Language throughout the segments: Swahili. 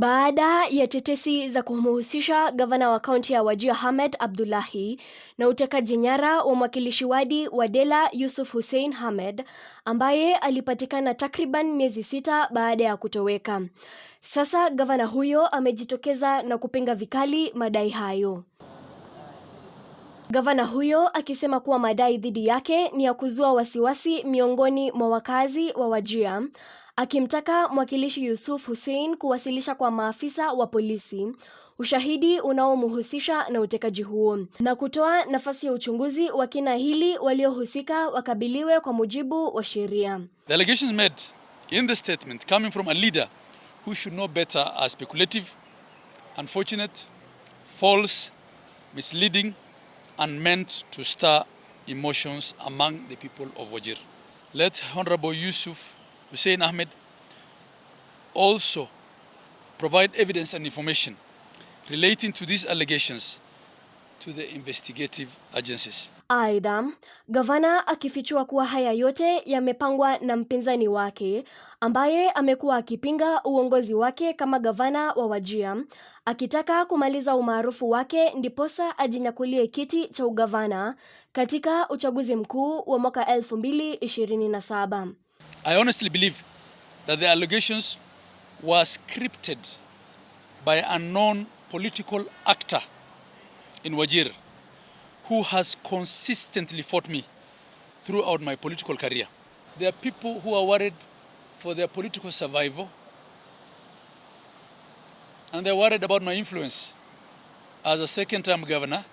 Baada ya tetesi za kumhusisha gavana wa kaunti ya Wajir Hamed Abdullahi na utekaji nyara wa mwakilishi wadi wa Dela Yusuf Hussein Hamed ambaye alipatikana takriban miezi sita baada ya kutoweka, sasa gavana huyo amejitokeza na kupinga vikali madai hayo. Gavana huyo akisema kuwa madai dhidi yake ni ya kuzua wasiwasi miongoni mwa wakazi wa Wajir, akimtaka mwakilishi Yusuf Hussein kuwasilisha kwa maafisa wa polisi ushahidi unaomhusisha na utekaji huo na kutoa nafasi ya uchunguzi wa kina hili waliohusika wakabiliwe kwa mujibu wa sheria. The allegations made in the statement coming from a leader who should know better are speculative, unfortunate, false, misleading and meant to stir emotions among the people of Wajir. Let Honorable Yusuf Hussein Ahmed also provide evidence and information relating to these allegations to the investigative agencies. Aidha, gavana akifichua kuwa haya yote yamepangwa na mpinzani wake ambaye amekuwa akipinga uongozi wake kama gavana wa Wajir, akitaka kumaliza umaarufu wake ndiposa ajinyakulie kiti cha ugavana katika uchaguzi mkuu wa mwaka 2027. I honestly believe that the allegations were scripted by a known political actor in Wajir who has consistently fought me throughout my political career. There are people who are worried for their political survival and they're worried about my influence as a second term governor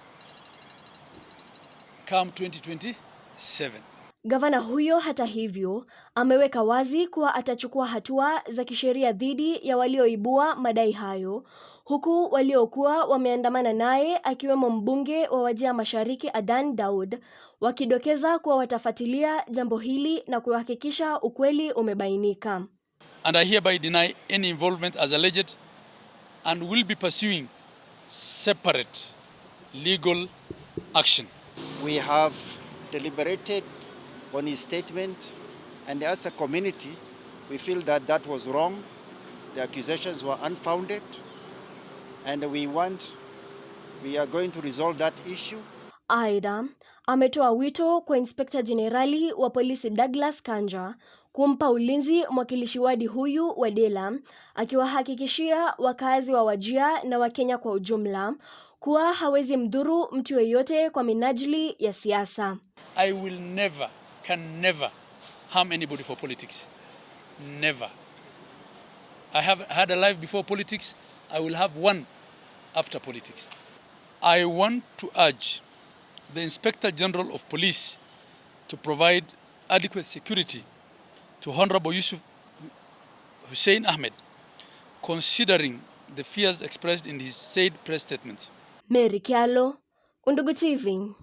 come 2027. Gavana huyo hata hivyo ameweka wazi kuwa atachukua hatua za kisheria dhidi ya walioibua madai hayo, huku waliokuwa wameandamana naye akiwemo mbunge wa Wajir Mashariki Adan Daud wakidokeza kuwa watafuatilia jambo hili na kuhakikisha ukweli umebainika. And I hereby deny any involvement as alleged and will be pursuing separate legal action. We have deliberated on his statement and as a community we feel that that was wrong the accusations were unfounded and we want we are going to resolve that issue Aidha ametoa wito kwa Inspekta Jenerali wa polisi Douglas Kanja kumpa ulinzi mwakilishi wadi huyu wa Dela, akiwahakikishia wakazi wa Wajia na Wakenya kwa ujumla kuwa hawezi mdhuru mtu yeyote kwa minajili ya siasa. I will never can never harm anybody for politics. Never. I have had a life before politics. I will have one after politics. I want to urge the Inspector General of Police to provide adequate security to Honorable Yusuf Hussein Ahmed, considering the fears expressed in his said press statement. Mary Kialo, Undugu TV.